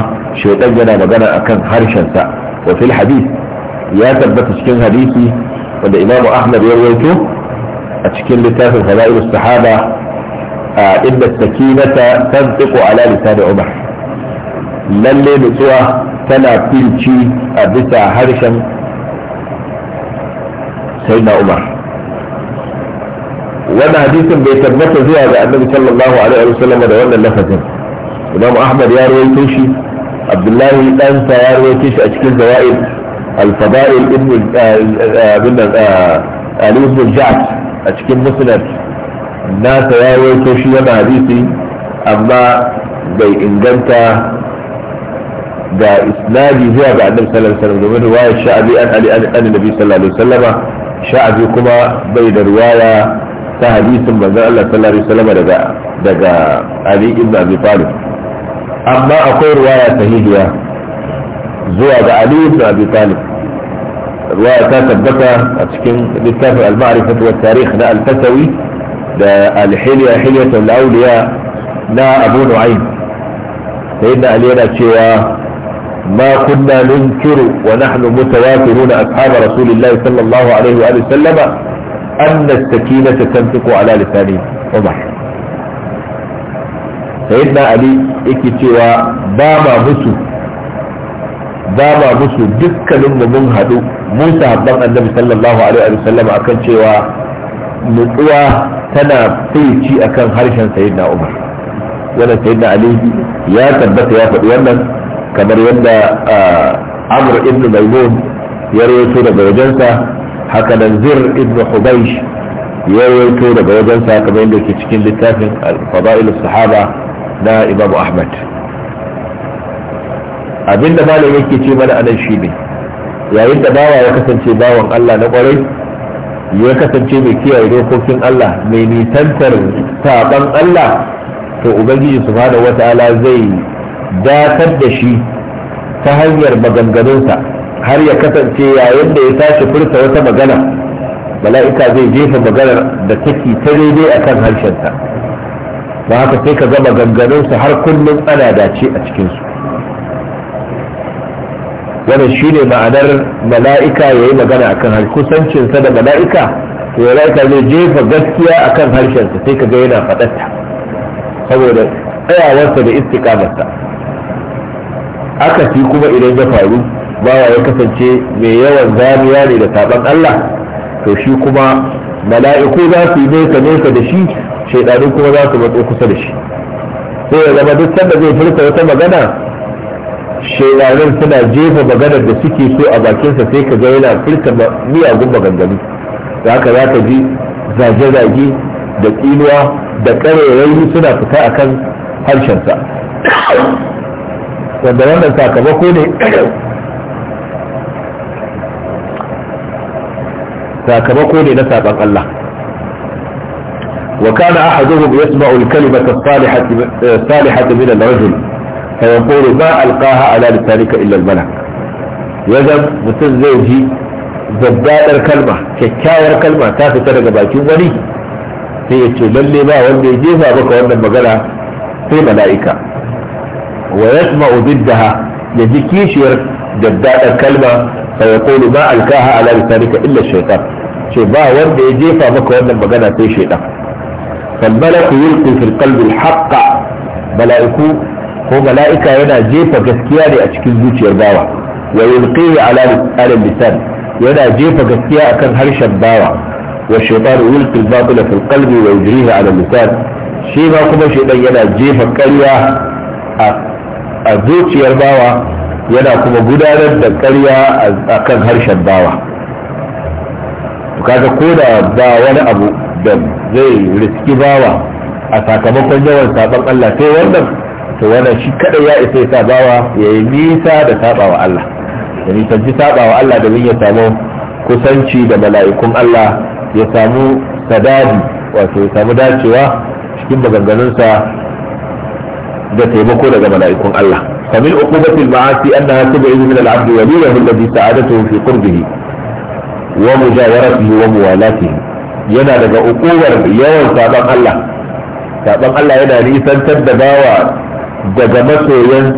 شيطان yana magana akan harshensa wa fil hadith ya tabbata cikin hadisi wanda imamu Ahmad ya rawaito a cikin littafin Fadailus Sahaba inda sakinata tantiqu ala lisan Umar lalle nutsuwa tana filci a bisa harshen Sayyidina Umar wani hadisin bai tabbata zuwa ga annabi sallallahu alaihi wa sallam da wannan lafazin imam ahmad ya rawaito shi abdullahi ɗansa ya rawaito shi a cikin zawa'id al-fada'il ibn ibn ali ibn ja'd a cikin musnad nasa ya rawaito shi wannan hadisi amma bai inganta da isnadi zuwa ga annabi sallallahu alaihi wasallam domin riwayar sha'abi an ali an annabi sallallahu alaihi wasallama sha'abi kuma bai da riwaya ta hadisin manzon Allah sallallahu alaihi wasallam daga daga Ali ibn Abi Talib amma akwai riwaya sahihiya zuwa ga Ali ibn Abi Talib riwaya ta tabbata a cikin littafin al-ma'rifatu wa tarikh na al-Fatawi da al-Hilya Hilyatu al-Awliya na Abu Nu'aym sayyidina Ali yana cewa ما كنا ننكر ونحن متوافرون أصحاب رسول الله صلى الله عليه وآله وسلم أن السكينة تنفق على لسان عمر سيدنا علي اكتوى باما مسو باما مسو دكا لما منهدو موسى حبان النبي صلى الله عليه وسلم أكن شوى نطوى تنا فيتي أكن هرشا سيدنا عمر ولا سيدنا علي يا تبت يا فدوانا كما يبدأ عمرو ابن ميمون يروي سورة بوجنسة haka nan zir ibn hubaish ya yanko daga wajen sa kamar ke cikin littafin al sahaba na imam ahmad abinda malam yake ce mana anan shi ne yayin da bawa ya kasance bawan Allah na kwarai ya kasance mai kiyaye dokokin Allah mai nisantar saban Allah to ubangiji wata wata'ala zai datar da shi ta hanyar maganganunsa har ya kasance yayin da ya tashi furta wata magana mala'ika zai jefa maganar da take ta daidai akan harshenta ba haka sai ka gama ganganunsu har kullum ana dace a cikinsu Wani shi ne ma'anar mala'ika ya yi magana a kan kusancinsa da mala'ika to mala'ika zai jefa gaskiya a akan harshensa sai ka ga yana faɗarta saboda tsayawarsa da istiƙamarsa akasi kuma idan ya faru bawa ya kasance mai yawan zamiya ne da saban Allah to shi kuma mala'iku za su yi nesa nesa da shi shaidanu kuma za su matso kusa da shi sai ya zama duk sanda zai furta wata magana shaidanun suna jefa maganar da suke so a bakinsa sai ka ga yana furta miyagun maganganu da haka za ka ji zage-zage da tsinuwa da ƙarairayi suna fita a kan harshensa wanda wannan sakamako ne sakamako ne na saban Allah wa kana ahaduhum yasma'u al-kalimata as-salihata salihata min al-rajul fa yaqulu ba alqaha ala al lisanika illa al-malak yazab mutum zai ji kalma kikkayar kalma ta fita daga bakin wani sai ya ce lalle ba wanda ya jefa maka wannan magana sai mala'ika wa yasma'u biddaha ya ji kishiyar daddadar kalma fa yaqulu ba alkaha ala lisanika illa shaytan ce ba wanda ya jefa maka wannan magana sai shaytan fal malaku yulqi fil qalbi ko mala'ika yana jefa gaskiya ne a cikin zuciyar bawa wa yulqi ala yana jefa gaskiya akan harshen bawa wa shaytanu yulqi al batila fil qalbi wa shi ba kuma shaytan yana jefa ƙarya a zuciyar bawa yana kuma gudanar da karya a kan harshen bawa kaga ko da ba wani abu da zai riski bawa a sakamakon yawan sabon Allah sai wannan to wannan shi kada ya isa ya sa bawa ya yi nisa da sabawa Allah ya nisanci sabawa Allah domin ya samu kusanci da mala'ikun Allah ya samu sadadi wato ya samu dacewa cikin maganganunsa da taimako daga mala'ikun Allah فمن عقوبة المعاصي أنها تبعد من العبد وليه الذي سعادته في قربه ومجاورته وموالاته ينا لغا أقوى يوم سابق الله سابق الله ينا نيسان تدباوى دغا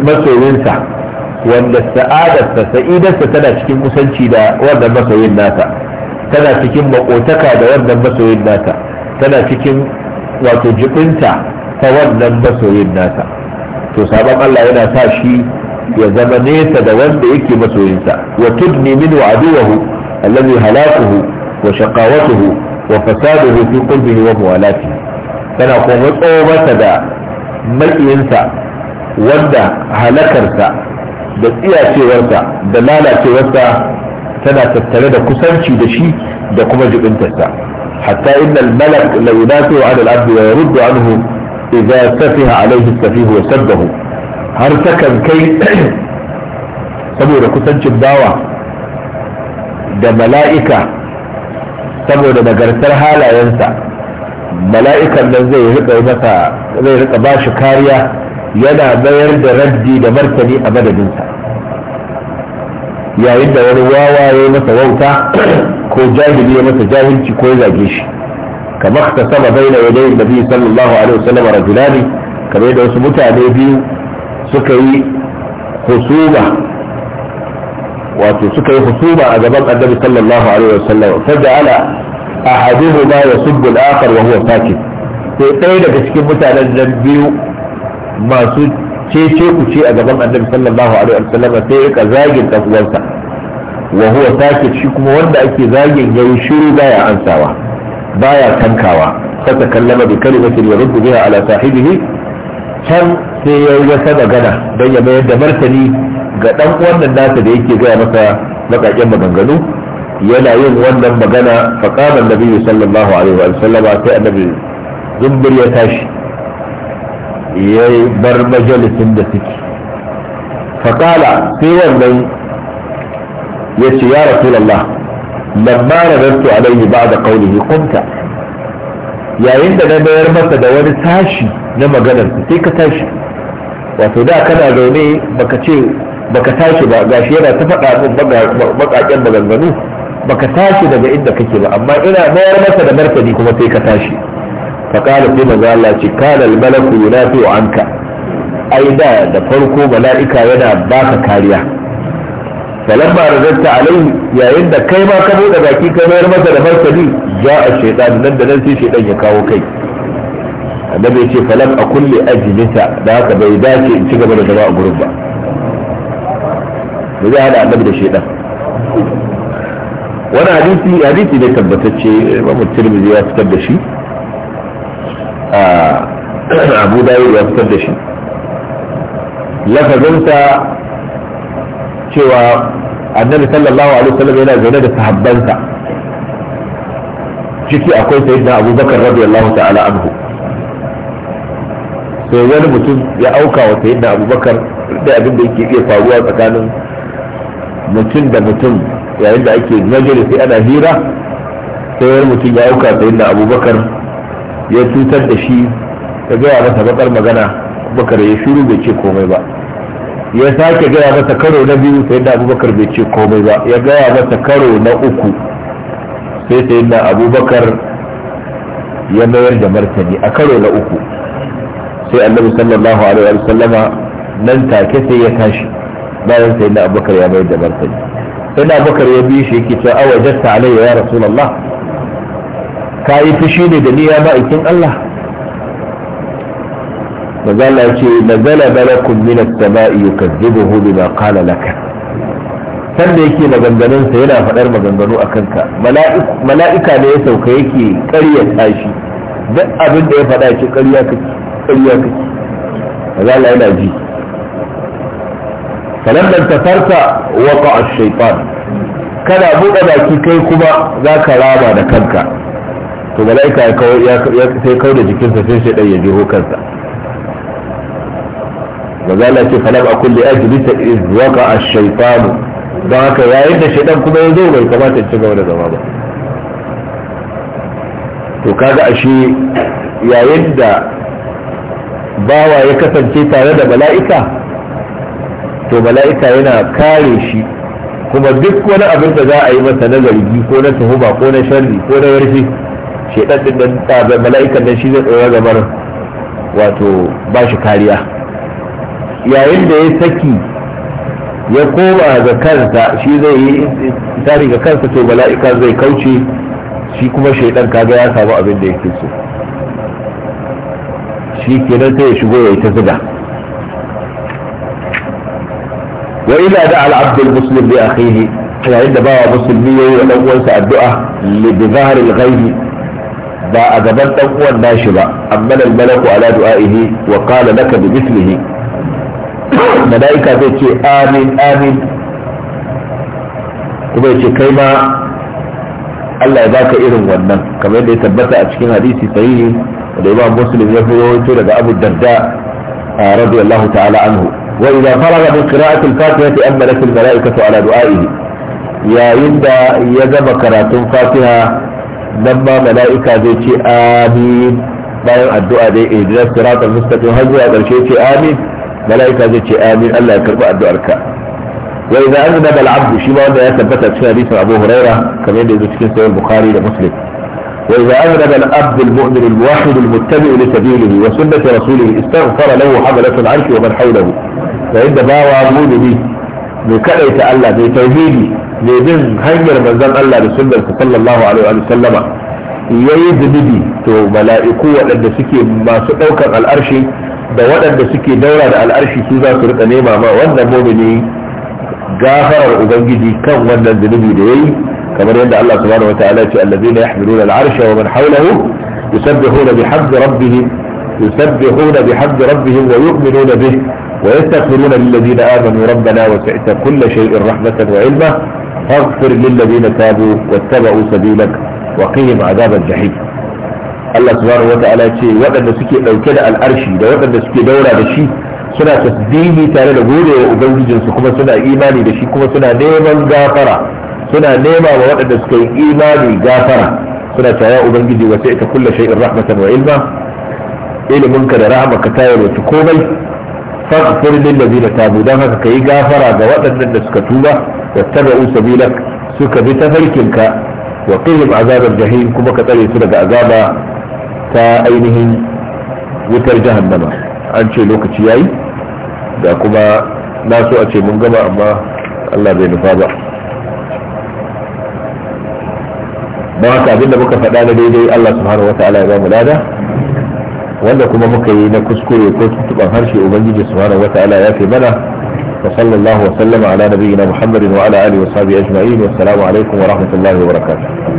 مسوين سا وأن السعادة سعيدة ستنا شكين مسنشي دا وأن مسوين ناسا تنا شكين مقوتكا دا وأن مسوين ناسا تنا شكين وتجبنسا فوأن مسوين ناسا to sabon Allah yana sa shi ya zama nesa da wanda yake masoyinsa wa tudni min wa aduwahu allazi halakuhu wa shaqawatuhu wa fasaduhu fi qalbihi wa muwalati tana kuma matso da makiyinsa wanda halakarsa da tsiyacewarsa da lalacewarsa tana tattare da kusanci da shi da kuma jibintarsa hatta innal malak la yunasu ala al-abd wa yaruddu anhu idza safiha alaihi safihu wa saddahu har takan kai saboda kusancin bawa da mala'ika saboda nagartar halayensa mala'ikan nan zai rika bashi kariya yana mayar da raddi da martani a madadinsa yayin da wani wawa ya masa wauta ko jahili ya masa jahilci ko ya zage shi kama ikhtasama baina yaday nabi sallallahu alaihi wasallam rajulani kamar yadda wasu mutane biyu suka yi husuma a gaban annabi sallallahu alaihi wasallam faja'ala ahaduhuma yasubbu al-akhar wa huwa sakit sai ɗaya daga cikin mutanen nan biyu masu cece ce a gaban annabi sallallahu alaihi wasallam sai ya ka zagin dan uwansa wa sakit shi kuma wanda ake zagin yayi shiru baya ansawa baya tankawa fata kallama bi kalimatin ya rubu biha ala sahibihi can sai ya yi wata magana don ya mayar da martani ga dan wannan nasa da yake gaya masa bakaken maganganu yana yin wannan magana faqala biyu, sallallahu alaihi wa sallama sai annabi zumbir ya tashi ya bar majalisin da suke faqala sai wannan ya ce ya rasulullah lamma radattu alaihi ba'da qawlihi qumta yayin da na bayar masa da wani tashi na maganar sai ka tashi wato da kana zaune baka ce baka tashi ba gashi yana ta faɗa min bakaken maganganu baka tashi daga inda kake ba amma ina bayar masa da martani kuma sai ka tashi فقال في مزالة كان الملك ينافع عنك أي دا دا فرقو ملائكة ينا باك كاريا falamma razatta alai yayin da kai ma ka bude baki ka mayar masa da martani ja a shaytan nan da nan sai shaytan ya kawo kai annabi ya ce falam a kulli ajlisa da haka bai dace in ci gaba da zama a gurin ba da zai hada annabi da shaytan wani hadisi hadisi ne tabbatacce imamu tirmidhi ya fitar da shi abu dawud ya fitar da shi lafazinsa cewa annabi sallallahu alaihi wasallam yana zaune da sahabbansa ciki akwai sayyidina abubakar radiyallahu ta'ala anhu sai wani mutum ya auka wa sayyidina abubakar da abin da yake iya faruwa tsakanin mutum da mutum yayin da ake sai ana hira sai wani mutum ya auka sayyidina abubakar ya cutar da shi ya gaya masa bakar magana bakar ya shiru bai ce komai ba ya sake gaya masa karo na biyu sai da abubakar bai ce komai ba ya gaya masa karo na uku sai sai da abubakar ya mayar da martani a karo na uku sai annabi sallallahu alaihi wa sallama nan take sai ya tashi bayan sai da abubakar ya mayar da martani sai da abubakar ya bi shi yake cewa awa jasta alayya ya rasulullah ka yi fushi ne da ni ya ma'aikin Allah manzo Allah ya ce nazala malakun min as-sama'i yukazzibuhu bima qala laka sanda yake maganganun sa yana faɗar maganganu a kanka mala'ika ne ya sauka yake ƙarya tashi duk abin da ya faɗa ce ƙarya kake ƙarya kake manzo Allah yana ji فلما انتصرت وقع الشيطان kana buɗe baki kai kuma za ka rama da kanka to mala'ika ya sai kau da jikinsa sai shaidan ya jiho kansa mazala ce falam a kulle ajlisa iz waqa a shaytan don haka yayin da shaytan kuma ya zo bai kamata ya ci gaba da zama ba to kaga ashe yayin da bawa ya kasance tare da mala'ika to mala'ika yana kare shi kuma duk wani abin da za a yi masa na zargi ko na tuhuma ko na sharri ko na yarfi shaidan din nan mala'ikan nan shi zai tsoro gabar wato ba shi kariya yayin da ya saki ya koma ga kansa shi zai yi tari ga kansa to balaika zai kauce shi kuma shaidan kaga ya samu abin da yake so shi kenan sai ya shigo ya yi ta zuga wa ila da al'abdul muslim bi akhihi yayin da bawa musulmi yayi wa dan uwansa addu'a li bizharil ghaibi ba a gaban dan uwan nashi ba amma al malaku ala du'aihi wa qala laka bi mislihi mala'ika zai ce amin amin kuma ya ce kai ma Allah ya baka irin wannan kamar yadda ya tabbata a cikin hadisi sahihi da imam muslim ya fi rawaito daga abu darda radiyallahu ta'ala anhu wa idza faraga min qira'ati al-fatihati amalat malaikatu ala du'a'ihi yayin da ya gama karatun fatiha nan ma mala'ika zai ce amin bayan addu'a dai ihdinas siratal mustaqim har zuwa karshe ce amin mala'ika zai ce amin Allah ya karba addu'arka wa idza aznaba al-abd shi ma wanda ya tabbata cikin hadisin Abu Huraira kamar yadda yake cikin sahih Bukhari da Muslim wa idza aznaba al-abd al-mu'min al-muwahhid al-muttabi' li sabilihi wa sunnati rasulih istaghfara lahu hamalat al-'arsh wa man hawlahu fa inda bawa mu'mini mai kadaita Allah mai tauhidi mai bin hanyar manzon Allah da sunnar sallallahu alaihi wa sallama yayi zunubi to mala'iku waɗanda suke masu ɗaukar al'arshi da waɗanda suke daura da al'arshi su za su rika nema ma wannan mumini gafarar ubangiji kan wannan zunubi da yayi kamar yadda Allah subhanahu wa ta'ala ce allazina yahmiluna al'arsha wa man hawlahu yusabbihuna bihamdi rabbihim yusabbihuna يسبحون بحمد ربهم ويؤمنون به ويستغفرون للذين آمنوا ربنا وسعت كل شيء رحمة وعلما فاغفر للذين تابوا واتبعوا سبيلك وقهم عذاب الجحيم Allah subhanahu wata'ala ce waɗanda suke ɗauke da al'arshi da waɗanda suke daura da shi suna tasbihi tare da gode wa ubangijinsu kuma suna imani da shi kuma suna neman gafara suna nema wa waɗanda suka yi imani gafara suna cewa ubangiji wa sai ta kulla shay'in rahmatan wa ilma ilimin ka da rahmaka ta yarwaci komai faghfir lil ladina tabu dan haka kai gafara ga waɗannan da suka tuba wa tabu sabilak suka bi tafarkinka wa qihim azabal jahim kuma ka tsare su daga azaba ta ainihin wutar jahannama an ce lokaci yayi da kuma na so a ce mun gama amma Allah bai nufa ba ba haka abinda muka faɗa na daidai Allah subhanahu wa ta'ala ya ba mu lada wanda kuma muka yi na kuskure ko tuntuban harshe ubangiji subhanahu wa ta'ala ya fi mana wa sallallahu wa sallama ala nabiyyina muhammadin wa ala alihi wa sahbihi ajma'in wa assalamu alaikum wa rahmatullahi wa barakatuh